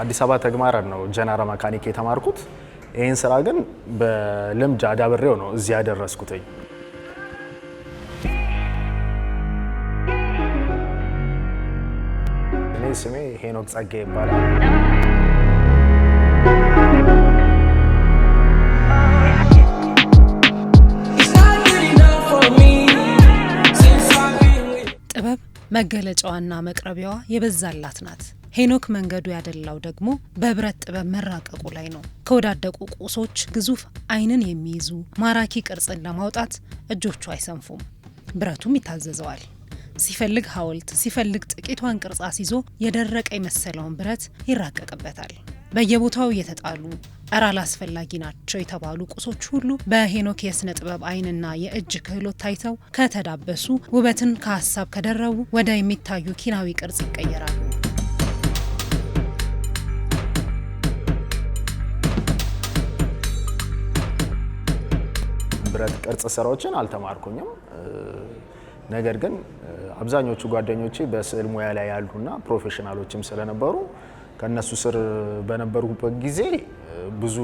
አዲስ አበባ ተግማረን ነው ጀነራል መካኒክ የተማርኩት። ይህን ስራ ግን በልምድ አዳብሬው ነው እዚህ ያደረስኩትኝ። እኔ ስሜ ሄኖክ ጸጋ ይባላል። ጥበብ መገለጫዋና መቅረቢያዋ የበዛላት ናት። ሄኖክ መንገዱ ያደላው ደግሞ በብረት ጥበብ መራቀቁ ላይ ነው። ከወዳደቁ ቁሶች ግዙፍ አይንን የሚይዙ ማራኪ ቅርጽን ለማውጣት እጆቹ አይሰንፉም፣ ብረቱም ይታዘዘዋል። ሲፈልግ ሐውልት ሲፈልግ ጥቂቷን ቅርጽ አስይዞ የደረቀ የመሰለውን ብረት ይራቀቅበታል። በየቦታው እየተጣሉ እረ አላስፈላጊ ናቸው የተባሉ ቁሶች ሁሉ በሄኖክ የሥነ ጥበብ አይንና የእጅ ክህሎት ታይተው ከተዳበሱ ውበትን ከሀሳብ ከደረቡ ወደ የሚታዩ ኪናዊ ቅርጽ ይቀየራሉ። ብረት ቅርጽ ስራዎችን አልተማርኩኝም። ነገር ግን አብዛኞቹ ጓደኞቼ በስዕል ሙያ ላይ ያሉና ፕሮፌሽናሎችም ስለነበሩ ከነሱ ስር በነበርኩበት ጊዜ ብዙ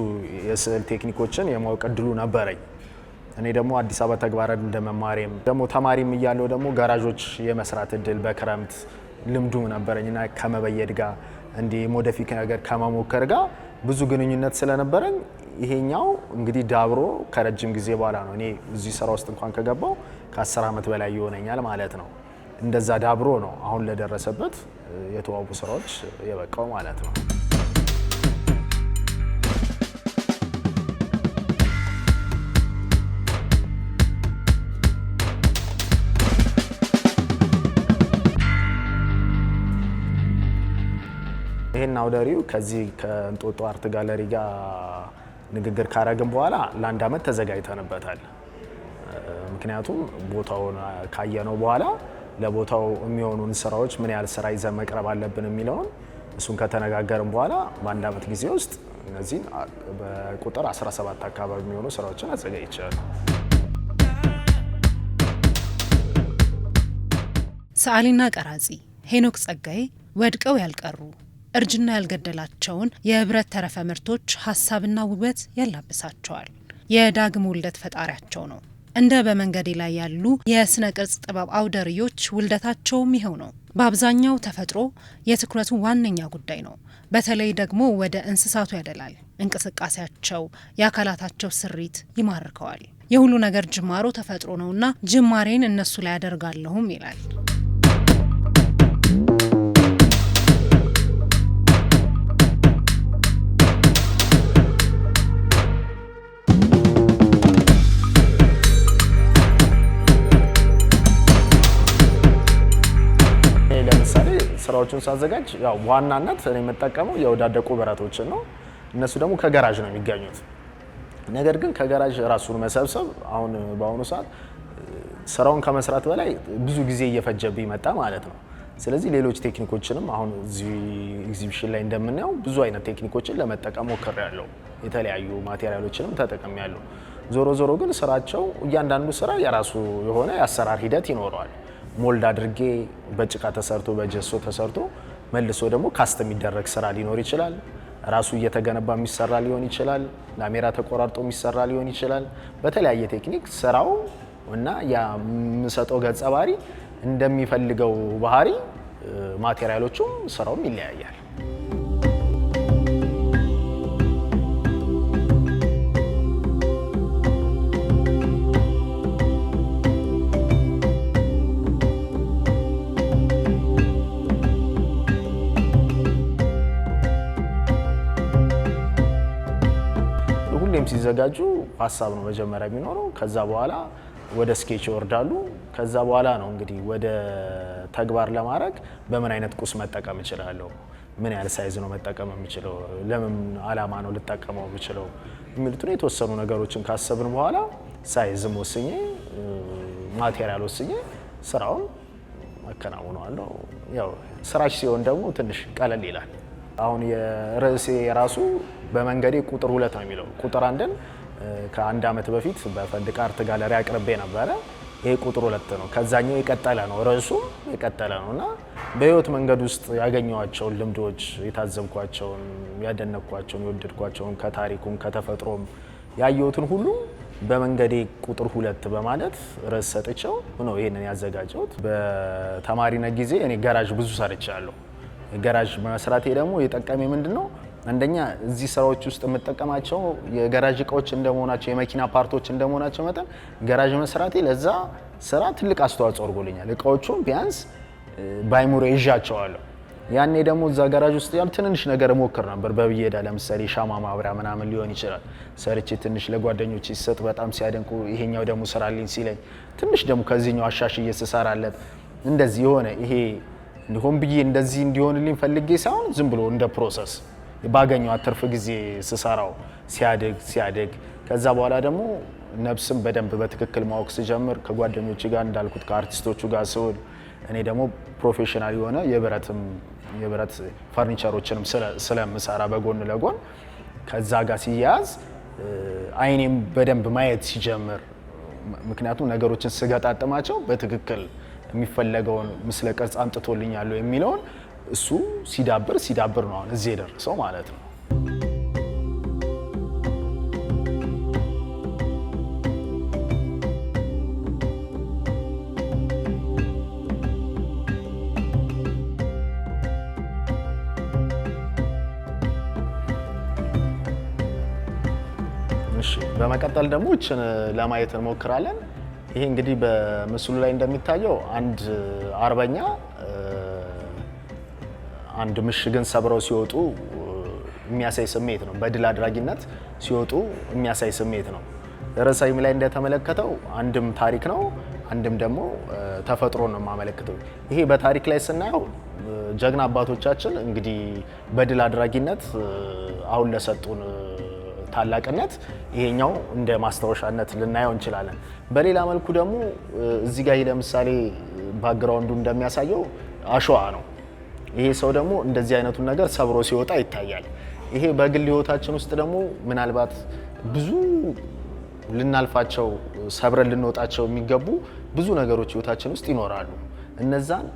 የስዕል ቴክኒኮችን የማወቅ እድሉ ነበረኝ። እኔ ደግሞ አዲስ አበባ ተግባረ እንደ መማሬም ደግሞ ተማሪም እያለው ደግሞ ጋራዦች የመስራት እድል በክረምት ልምዱ ነበረኝ እና ከመበየድ ጋር እንዲህ ሞደፊክ ነገር ከመሞከር ጋር ብዙ ግንኙነት ስለነበረኝ ይሄኛው እንግዲህ ዳብሮ ከረጅም ጊዜ በኋላ ነው። እኔ እዚህ ስራ ውስጥ እንኳን ከገባው ከአስር ዓመት በላይ ይሆነኛል ማለት ነው። እንደዛ ዳብሮ ነው አሁን ለደረሰበት የተዋቡ ስራዎች የበቃው ማለት ነው። ይህን አውደሪው ከዚህ ከእንጦጦ አርት ጋለሪ ጋር ንግግር ካረግን በኋላ ለአንድ አመት ተዘጋጅተንበታል። ምክንያቱም ቦታውን ካየነው በኋላ ለቦታው የሚሆኑን ስራዎች ምን ያህል ስራ ይዘን መቅረብ አለብን የሚለውን እሱን ከተነጋገርን በኋላ በአንድ አመት ጊዜ ውስጥ እነዚህን በቁጥር 17 አካባቢ የሚሆኑ ስራዎችን አዘጋጅቻለሁ። ሰዓሊና ቀራጺ ሄኖክ ጸጋዬ ወድቀው ያልቀሩ እርጅና ያልገደላቸውን የህብረት ተረፈ ምርቶች ሀሳብና ውበት ያላብሳቸዋል። የዳግም ውልደት ፈጣሪያቸው ነው። እንደ በመንገዴ ላይ ያሉ የስነ ቅርጽ ጥበብ አውደርዮች ውልደታቸውም ይኸው ነው። በአብዛኛው ተፈጥሮ የትኩረቱ ዋነኛ ጉዳይ ነው። በተለይ ደግሞ ወደ እንስሳቱ ያደላል። እንቅስቃሴያቸው፣ የአካላታቸው ስሪት ይማርከዋል። የሁሉ ነገር ጅማሮ ተፈጥሮ ነውና ጅማሬን እነሱ ላይ ያደርጋለሁም ይላል። ስራዎችን ሳዘጋጅ ያው ዋናነት እኔ የምጠቀመው የወዳደቁ ብረቶችን ነው። እነሱ ደግሞ ከገራዥ ነው የሚገኙት። ነገር ግን ከገራዥ ራሱን መሰብሰብ አሁን በአሁኑ ሰዓት ስራውን ከመስራት በላይ ብዙ ጊዜ እየፈጀብኝ መጣ ማለት ነው። ስለዚህ ሌሎች ቴክኒኮችንም አሁን እዚህ ኤግዚቢሽን ላይ እንደምናየው ብዙ አይነት ቴክኒኮችን ለመጠቀም ሞክሬያለሁ። የተለያዩ ማቴሪያሎችንም ተጠቅሜያለሁ። ዞሮ ዞሮ ግን ስራቸው እያንዳንዱ ስራ የራሱ የሆነ የአሰራር ሂደት ይኖረዋል። ሞልድ አድርጌ በጭቃ ተሰርቶ በጀሶ ተሰርቶ መልሶ ደግሞ ካስት የሚደረግ ስራ ሊኖር ይችላል። ራሱ እየተገነባ የሚሰራ ሊሆን ይችላል። ላሜራ ተቆራርጦ የሚሰራ ሊሆን ይችላል። በተለያየ ቴክኒክ ስራው እና የምሰጠው ገጸ ባህሪ እንደሚፈልገው ባህሪ ማቴሪያሎቹም ስራውም ይለያያል። ፍሬም ሲዘጋጁ ሀሳብ ነው መጀመሪያ የሚኖረው። ከዛ በኋላ ወደ ስኬች ይወርዳሉ። ከዛ በኋላ ነው እንግዲህ ወደ ተግባር ለማድረግ በምን አይነት ቁስ መጠቀም እችላለሁ፣ ምን ያህል ሳይዝ ነው መጠቀም የምችለው፣ ለምን አላማ ነው ልጠቀመው የምችለው የሚሉትን የተወሰኑ ነገሮችን ካሰብን በኋላ ሳይዝም ወስኜ ማቴሪያል ወስኜ ስራውን አከናውነዋለሁ። ያው ስራሽ ሲሆን ደግሞ ትንሽ ቀለል ይላል። አሁን የርዕሴ የራሱ በመንገዴ ቁጥር ሁለት ነው የሚለው። ቁጥር አንድን ከአንድ ዓመት በፊት በፈንድቃ አርት ጋለሪ አቅርቤ ነበረ። ይሄ ቁጥር ሁለት ነው። ከዛኛው የቀጠለ ነው፣ ርዕሱም የቀጠለ ነው እና በህይወት መንገድ ውስጥ ያገኘኋቸውን ልምዶች፣ የታዘብኳቸውን፣ ያደነኳቸውን የወደድኳቸውን ከታሪኩም ከተፈጥሮም ያየሁትን ሁሉ በመንገዴ ቁጥር ሁለት በማለት ርዕስ ሰጥቸው ነው ይህንን ያዘጋጀሁት። በተማሪነት ጊዜ እኔ ጋራዥ ብዙ ሰርቻለሁ። ገራዥ መስራቴ ደግሞ የጠቀሜ ምንድን ነው አንደኛ እዚህ ስራዎች ውስጥ የምጠቀማቸው የገራዥ እቃዎች እንደመሆናቸው የመኪና ፓርቶች እንደመሆናቸው መጠን ገራዥ መስራቴ ለዛ ስራ ትልቅ አስተዋጽኦ አድርጎልኛል። እቃዎቹም ቢያንስ ባይሙሮ ይዣቸዋለሁ። ያኔ ደግሞ እዛ ገራዥ ውስጥ ያሉ ትንንሽ ነገር ሞክር ነበር በብየዳ ለምሳሌ ሻማ ማብሪያ ምናምን ሊሆን ይችላል። ሰርቼ ትንሽ ለጓደኞች ሲሰጥ በጣም ሲያደንቁ፣ ይሄኛው ደግሞ ስራልኝ ሲለኝ ትንሽ ደግሞ ከዚህኛው አሻሽ ስሰራለት እንደዚህ የሆነ ይሄ ሆን ብዬ እንደዚህ እንዲሆንልኝ ፈልጌ ሳይሆን ዝም ብሎ እንደ ፕሮሰስ ባገኘው አትርፍ ጊዜ ስሰራው ሲያድግ ሲያድግ ከዛ በኋላ ደግሞ ነፍስም በደንብ በትክክል ማወቅ ስጀምር ከጓደኞች ጋር እንዳልኩት ከአርቲስቶቹ ጋር ስውል እኔ ደግሞ ፕሮፌሽናል የሆነ የብረትም የብረት ፈርኒቸሮችንም ስለምሰራ በጎን ለጎን ከዛ ጋር ሲያያዝ አይኔም በደንብ ማየት ሲጀምር ምክንያቱም ነገሮችን ስገጣጥማቸው በትክክል የሚፈለገውን ምስለ ቅርጽ አምጥቶልኛለሁ የሚለውን እሱ ሲዳብር ሲዳብር ነው አሁን እዚህ የደረሰው ማለት ነው። በመቀጠል ደግሞ ይችን ለማየት እንሞክራለን። ይሄ እንግዲህ በምስሉ ላይ እንደሚታየው አንድ አርበኛ አንድ ምሽግን ሰብረው ሲወጡ የሚያሳይ ስሜት ነው። በድል አድራጊነት ሲወጡ የሚያሳይ ስሜት ነው። ርዕሳዊም ላይ እንደተመለከተው አንድም ታሪክ ነው፣ አንድም ደግሞ ተፈጥሮ ነው የማመለክተው። ይሄ በታሪክ ላይ ስናየው ጀግና አባቶቻችን እንግዲህ በድል አድራጊነት አሁን ለሰጡን ታላቅነት ይሄኛው እንደ ማስታወሻነት ልናየው እንችላለን። በሌላ መልኩ ደግሞ እዚህ ጋር ለምሳሌ ባግራውንዱ እንደሚያሳየው አሸዋ ነው። ይሄ ሰው ደግሞ እንደዚህ አይነቱን ነገር ሰብሮ ሲወጣ ይታያል። ይሄ በግል ህይወታችን ውስጥ ደግሞ ምናልባት ብዙ ልናልፋቸው ሰብረን ልንወጣቸው የሚገቡ ብዙ ነገሮች ህይወታችን ውስጥ ይኖራሉ። እነዛን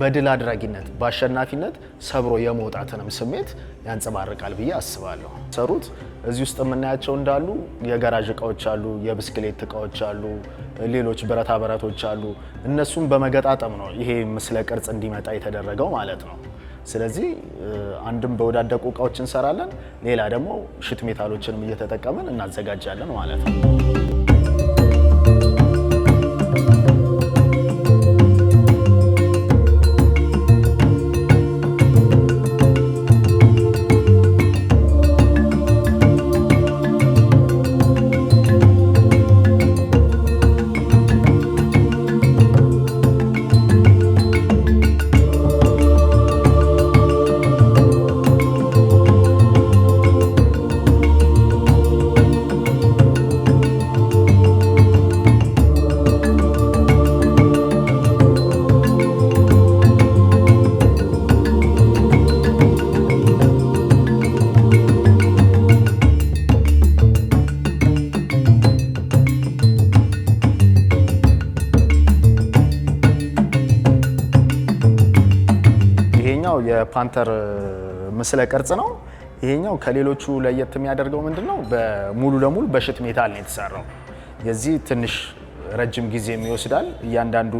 በድል አድራጊነት በአሸናፊነት ሰብሮ የመውጣትንም ስሜት ያንጸባርቃል ብዬ አስባለሁ። ሰሩት እዚህ ውስጥ የምናያቸው እንዳሉ የጋራዥ እቃዎች አሉ፣ የብስክሌት እቃዎች አሉ፣ ሌሎች ብረታ ብረቶች አሉ። እነሱም በመገጣጠም ነው ይሄ ምስለ ቅርጽ እንዲመጣ የተደረገው ማለት ነው። ስለዚህ አንድም በወዳደቁ እቃዎች እንሰራለን፣ ሌላ ደግሞ ሽት ሜታሎችንም እየተጠቀምን እናዘጋጃለን ማለት ነው። ይሄኛው የፓንተር ምስለ ቅርጽ ነው። ይሄኛው ከሌሎቹ ለየት የሚያደርገው ምንድን ነው? ሙሉ ለሙሉ በሽት ሜታል ነው የተሰራው። የዚህ ትንሽ ረጅም ጊዜ ይወስዳል። እያንዳንዱ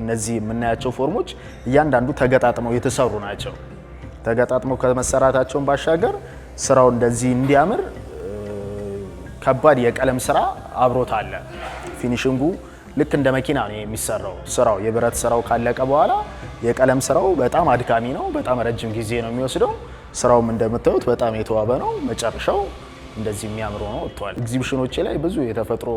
እነዚህ የምናያቸው ፎርሞች እያንዳንዱ ተገጣጥመው የተሰሩ ናቸው። ተገጣጥመው ከመሰራታቸውን ባሻገር ስራው እንደዚህ እንዲያምር ከባድ የቀለም ስራ አብሮት አለ ፊኒሽንጉ ልክ እንደ መኪና ነው የሚሰራው ስራው። የብረት ስራው ካለቀ በኋላ የቀለም ስራው በጣም አድካሚ ነው፣ በጣም ረጅም ጊዜ ነው የሚወስደው። ስራውም እንደምታዩት በጣም የተዋበ ነው። መጨረሻው እንደዚህ የሚያምር ሆኖ ወጥቷል። ኤግዚቢሽኖች ላይ ብዙ የተፈጥሮ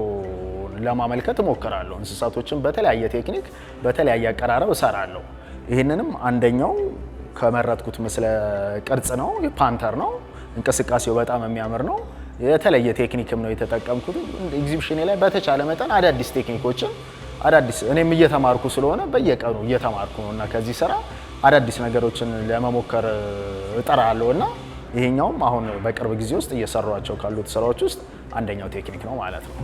ለማመልከት እሞክራለሁ። እንስሳቶችን በተለያየ ቴክኒክ በተለያየ አቀራረብ እሰራለሁ። ይህንንም አንደኛው ከመረጥኩት ምስለ ቅርጽ ነው። ፓንተር ነው። እንቅስቃሴው በጣም የሚያምር ነው። የተለየ ቴክኒክም ነው የተጠቀምኩት። ኤግዚቢሽኔ ላይ በተቻለ መጠን አዳዲስ ቴክኒኮችን አዳዲስ እኔም እየተማርኩ ስለሆነ በየቀኑ እየተማርኩ ነው እና ከዚህ ስራ አዳዲስ ነገሮችን ለመሞከር እጥራለሁ እና ይሄኛውም አሁን በቅርብ ጊዜ ውስጥ እየሰሯቸው ካሉት ስራዎች ውስጥ አንደኛው ቴክኒክ ነው ማለት ነው።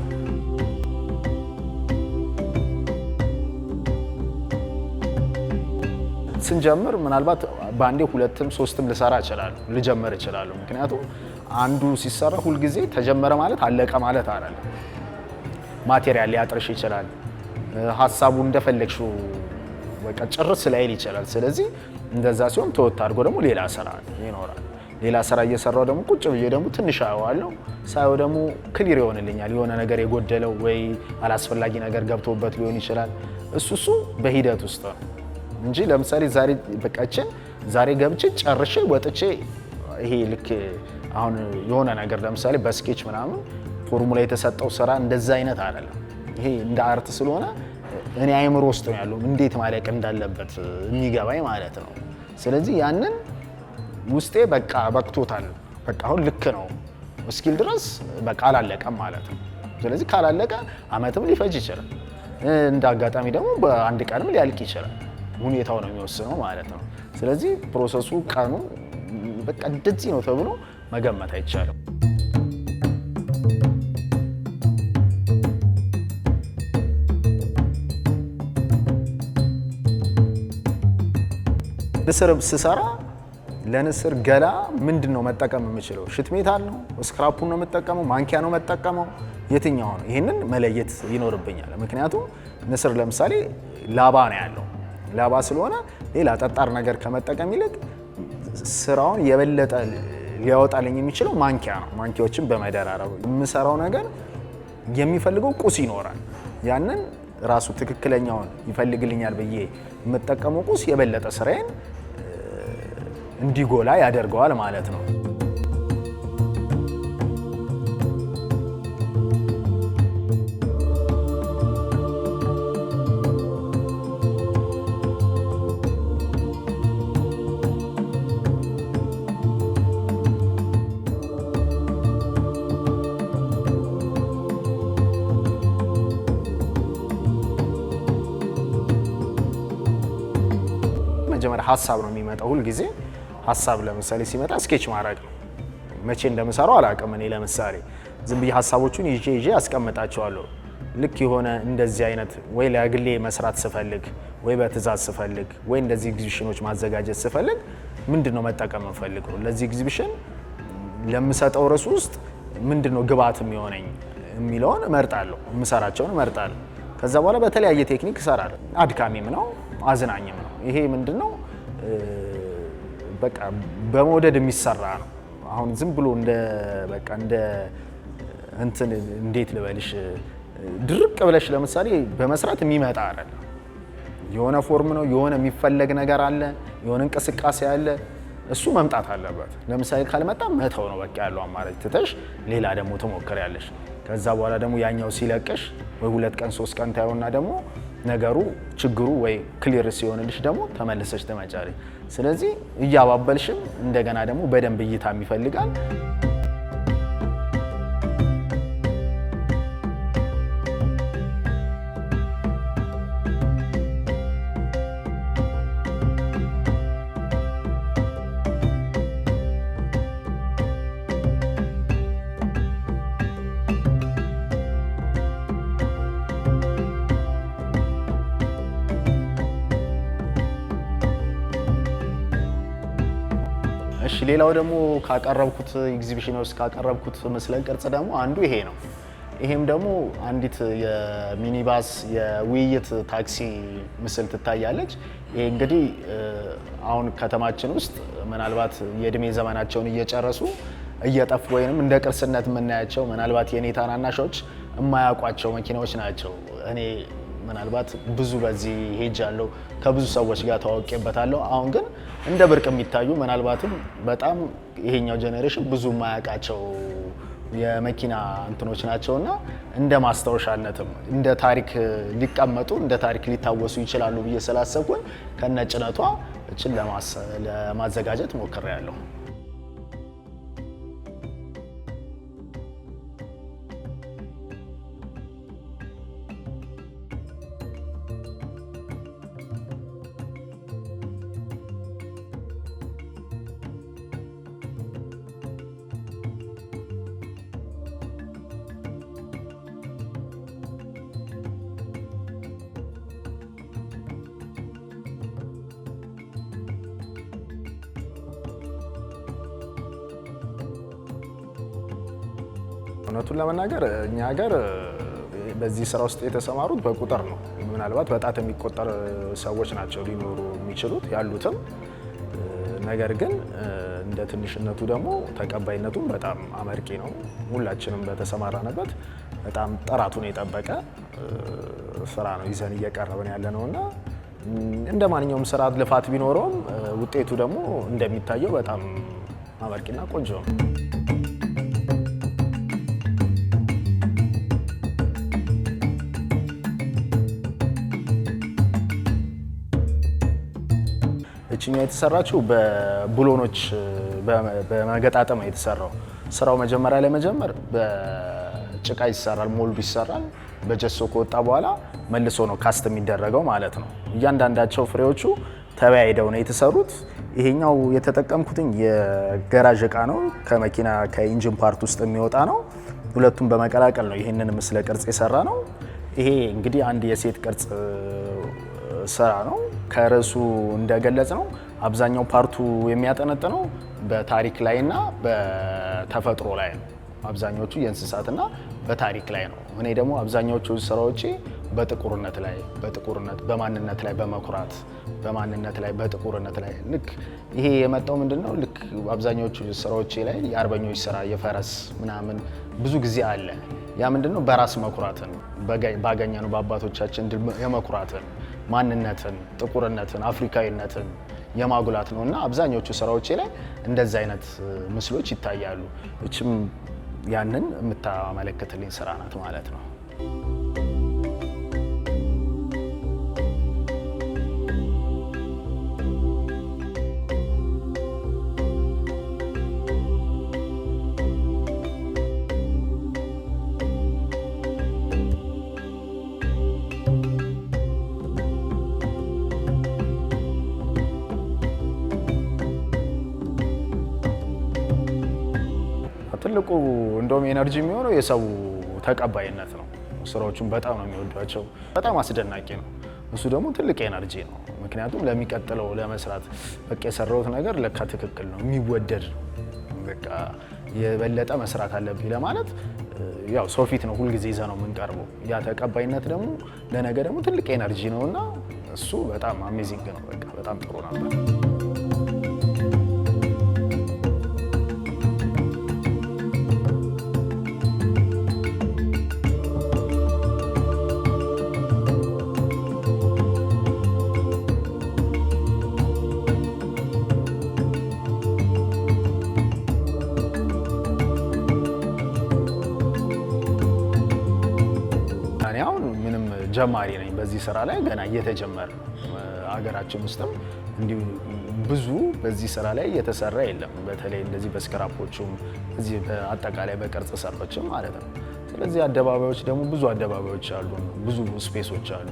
ስንጀምር ምናልባት በአንዴ ሁለትም ሶስትም ልሰራ እችላለሁ፣ ልጀምር እችላለሁ ምክንያቱም አንዱ ሲሰራ ሁልጊዜ ተጀመረ ማለት አለቀ ማለት አላለ። ማቴሪያል ሊያጥርሽ ይችላል። ሀሳቡ እንደፈለግሽው በቃ ጭርስ ላይል ይችላል። ስለዚህ እንደዛ ሲሆን ተወት አድርጎ ደግሞ ሌላ ስራ ይኖራል። ሌላ ስራ እየሰራው ደግሞ ቁጭ ብዬ ደግሞ ትንሽ አየዋለሁ። ሳየው ደግሞ ክሊር ይሆንልኛል። የሆነ ነገር የጎደለው ወይ አላስፈላጊ ነገር ገብቶበት ሊሆን ይችላል። እሱ እሱ በሂደት ውስጥ ነው እንጂ ለምሳሌ ዛሬ በቃችን ዛሬ ገብቼ ጨርሼ ወጥቼ ይሄ ልክ አሁን የሆነ ነገር ለምሳሌ በስኬች ምናምን ፎርሙላ የተሰጠው ስራ እንደዛ አይነት አይደለም። ይሄ እንደ አርት ስለሆነ እኔ አይምሮ ውስጥ ነው ያለው እንዴት ማለቅ እንዳለበት የሚገባኝ ማለት ነው። ስለዚህ ያንን ውስጤ በቃ በቅቶታል፣ በቃ አሁን ልክ ነው እስኪል ድረስ በቃ አላለቀም ማለት ነው። ስለዚህ ካላለቀ አመትም ሊፈጅ ይችላል። እንደ አጋጣሚ ደግሞ በአንድ ቀንም ሊያልቅ ይችላል። ሁኔታው ነው የሚወስነው ማለት ነው። ስለዚህ ፕሮሰሱ ቀኑ በቃ እንደዚህ ነው ተብሎ መገመት አይቻልም። ንስር ስሰራ ለንስር ገላ ምንድን ነው መጠቀም የምችለው? ሽት ሜታል ነው? ስክራፑን ነው የምጠቀመው? ማንኪያ ነው መጠቀመው? የትኛው ነው? ይህንን መለየት ይኖርብኛል። ምክንያቱም ንስር ለምሳሌ ላባ ነው ያለው። ላባ ስለሆነ ሌላ ጠጣር ነገር ከመጠቀም ይልቅ ስራውን የበለጠ ሊያወጣልኝ የሚችለው ማንኪያ ነው። ማንኪያዎችን በመደራረብ የምሰራው ነገር የሚፈልገው ቁስ ይኖራል። ያንን ራሱ ትክክለኛውን ይፈልግልኛል ብዬ የምጠቀመው ቁስ የበለጠ ስራዬን እንዲጎላ ያደርገዋል ማለት ነው። ሀሳብ ነው የሚመጣው። ሁልጊዜ ሀሳብ ለምሳሌ ሲመጣ ስኬች ማድረግ ነው። መቼ እንደምሰራው አላውቅም። እኔ ለምሳሌ ዝም ብዬ ሀሳቦቹን ይዤ ይዤ አስቀምጣቸዋለሁ። ልክ የሆነ እንደዚህ አይነት ወይ ለግሌ መስራት ስፈልግ፣ ወይ በትእዛዝ ስፈልግ፣ ወይ እንደዚህ ኤግዚቢሽኖች ማዘጋጀት ስፈልግ ምንድን ነው መጠቀም የምፈልገው ለዚህ ኤግዚቢሽን ለምሰጠው ርዕስ ውስጥ ምንድን ነው ግብአት የሚሆነኝ የሚለውን እመርጣለሁ። የምሰራቸውን እመርጣለሁ። ከዛ በኋላ በተለያየ ቴክኒክ እሰራለሁ። አድካሚም ነው አዝናኝም ነው። ይሄ ምንድን ነው በቃ በመውደድ የሚሰራ ነው። አሁን ዝም ብሎ እንደ በቃ እንደ እንትን እንዴት ልበልሽ ድርቅ ብለሽ ለምሳሌ በመስራት የሚመጣ አይደለም። የሆነ ፎርም ነው፣ የሆነ የሚፈለግ ነገር አለ፣ የሆነ እንቅስቃሴ አለ። እሱ መምጣት አለበት። ለምሳሌ ካልመጣ መተው ነው በቃ ያለው አማራጭ። ትተሽ ሌላ ደግሞ ትሞክሪያለሽ። ከዛ በኋላ ደግሞ ያኛው ሲለቅሽ ወይ ሁለት ቀን ሶስት ቀን ታየውና ደግሞ ነገሩ ችግሩ ወይ ክሊር ሲሆንልሽ ደግሞ ተመልሰሽ ትመጫለሽ። ስለዚህ እያባበልሽም እንደገና ደግሞ በደንብ እይታም ይፈልጋል። ሌላው ደግሞ ካቀረብኩት ኤግዚቢሽን ውስጥ ካቀረብኩት ምስለ ቅርጽ ደግሞ አንዱ ይሄ ነው። ይሄም ደግሞ አንዲት የሚኒባስ የውይይት ታክሲ ምስል ትታያለች። ይሄ እንግዲህ አሁን ከተማችን ውስጥ ምናልባት የእድሜ ዘመናቸውን እየጨረሱ እየጠፉ ወይንም እንደ ቅርስነት የምናያቸው ምናልባት የኔ ታናናሾች የማያውቋቸው መኪናዎች ናቸው እኔ ምናልባት ብዙ በዚህ ሄጃለሁ፣ ከብዙ ሰዎች ጋር ተዋውቄበታለሁ። አሁን ግን እንደ ብርቅ የሚታዩ ምናልባትም በጣም ይሄኛው ጀኔሬሽን ብዙ የማያውቃቸው የመኪና እንትኖች ናቸው እና እንደ ማስታወሻነትም እንደ ታሪክ ሊቀመጡ እንደ ታሪክ ሊታወሱ ይችላሉ ብዬ ስላሰብኩኝ ከነጭነቷ እችን ለማዘጋጀት ሞክሬያለሁ። እውነቱን ለመናገር እኛ ሀገር በዚህ ስራ ውስጥ የተሰማሩት በቁጥር ነው። ምናልባት በጣት የሚቆጠር ሰዎች ናቸው ሊኖሩ የሚችሉት ያሉትም። ነገር ግን እንደ ትንሽነቱ ደግሞ ተቀባይነቱም በጣም አመርቂ ነው። ሁላችንም በተሰማራንበት በጣም ጥራቱን የጠበቀ ስራ ነው ይዘን እየቀረብን ያለ ነው እና እንደ ማንኛውም ስራ ልፋት ቢኖረውም ውጤቱ ደግሞ እንደሚታየው በጣም አመርቂና ቆንጆ ነው። ይችኛ የተሰራችው በቡሎኖች በመገጣጠም የተሰራው ስራው መጀመሪያ ላይ መጀመር በጭቃ ይሰራል፣ ሞልዱ ይሰራል። በጀሶ ከወጣ በኋላ መልሶ ነው ካስት የሚደረገው ማለት ነው። እያንዳንዳቸው ፍሬዎቹ ተበያይደው ነው የተሰሩት። ይሄኛው የተጠቀምኩትኝ የገራዥ እቃ ነው። ከመኪና ከኢንጂን ፓርት ውስጥ የሚወጣ ነው። ሁለቱም በመቀላቀል ነው ይህንን ምስለ ቅርጽ የሰራ ነው። ይሄ እንግዲህ አንድ የሴት ቅርጽ ስራ ነው። ከርዕሱ እንደገለጽ ነው አብዛኛው ፓርቱ የሚያጠነጥነው በታሪክ ላይና በተፈጥሮ ላይ ነው። አብዛኞቹ የእንስሳትና በታሪክ ላይ ነው። እኔ ደግሞ አብዛኛዎቹ ስራዎች በጥቁርነት ላይ በጥቁርነት በማንነት ላይ በመኩራት በማንነት ላይ በጥቁርነት ላይ ልክ ይሄ የመጣው ምንድን ነው? ልክ አብዛኛዎቹ ስራዎች ላይ የአርበኞች ስራ የፈረስ ምናምን ብዙ ጊዜ አለ። ያ ምንድን ነው? በራስ መኩራትን ባገኘነው በአባቶቻችን የመኩራትን ማንነትን፣ ጥቁርነትን፣ አፍሪካዊነትን የማጉላት ነው እና አብዛኞቹ ስራዎቼ ላይ እንደዚህ አይነት ምስሎች ይታያሉ። እችም ያንን የምታመለክትልኝ ስራ ናት ማለት ነው። ትልቁ እንደውም ኤነርጂ የሚሆነው የሰው ተቀባይነት ነው። ስራዎቹን በጣም ነው የሚወዷቸው። በጣም አስደናቂ ነው። እሱ ደግሞ ትልቅ ኤነርጂ ነው። ምክንያቱም ለሚቀጥለው ለመስራት በቃ የሰራሁት ነገር ለካ ትክክል ነው፣ የሚወደድ ነው፣ በቃ የበለጠ መስራት አለብኝ ለማለት ያው ሰው ፊት ነው ሁልጊዜ ይዘ ነው የምንቀርበው። ያ ተቀባይነት ደግሞ ለነገ ደግሞ ትልቅ ኤነርጂ ነው እና እሱ በጣም አሜዚንግ ነው። በቃ በጣም ጥሩ ነበር። ጀማሪ ነኝ በዚህ ስራ ላይ ገና እየተጀመረ አገራችን ውስጥም እንዲሁ ብዙ በዚህ ስራ ላይ እየተሰራ የለም። በተለይ እንደዚህ በስክራፖቹም እዚህ አጠቃላይ በቅርጽ ሰሮችም ማለት ነው። ስለዚህ አደባባዮች ደግሞ ብዙ አደባባዮች አሉ፣ ብዙ ስፔሶች አሉ።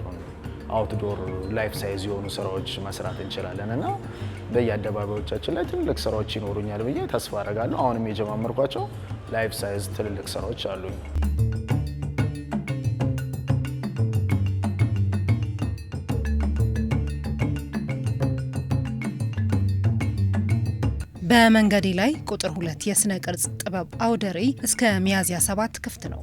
አውትዶር ላይፍ ሳይዝ የሆኑ ስራዎች መስራት እንችላለን እና በየአደባባዮቻችን ላይ ትልልቅ ስራዎች ይኖሩኛል ብዬ ተስፋ አደርጋለሁ። አሁንም የጀማመርኳቸው ላይፍ ሳይዝ ትልልቅ ስራዎች አሉኝ። በመንገዴ ላይ ቁጥር ሁለት የስነ ቅርጽ ጥበብ አውደ ርዕይ እስከ ሚያዝያ ሰባት ክፍት ነው።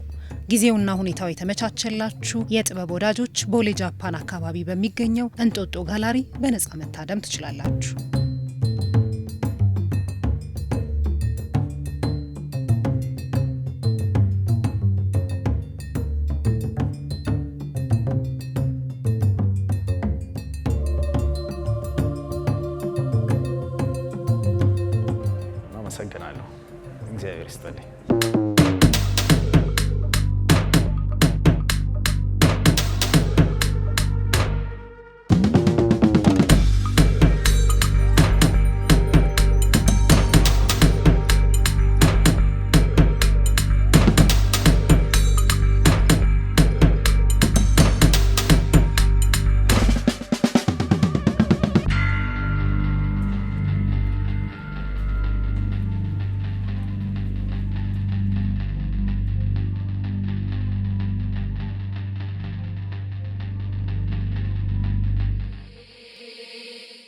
ጊዜውና ሁኔታው የተመቻቸላችሁ የጥበብ ወዳጆች ቦሌ ጃፓን አካባቢ በሚገኘው እንጦጦ ጋላሪ በነፃ መታደም ትችላላችሁ።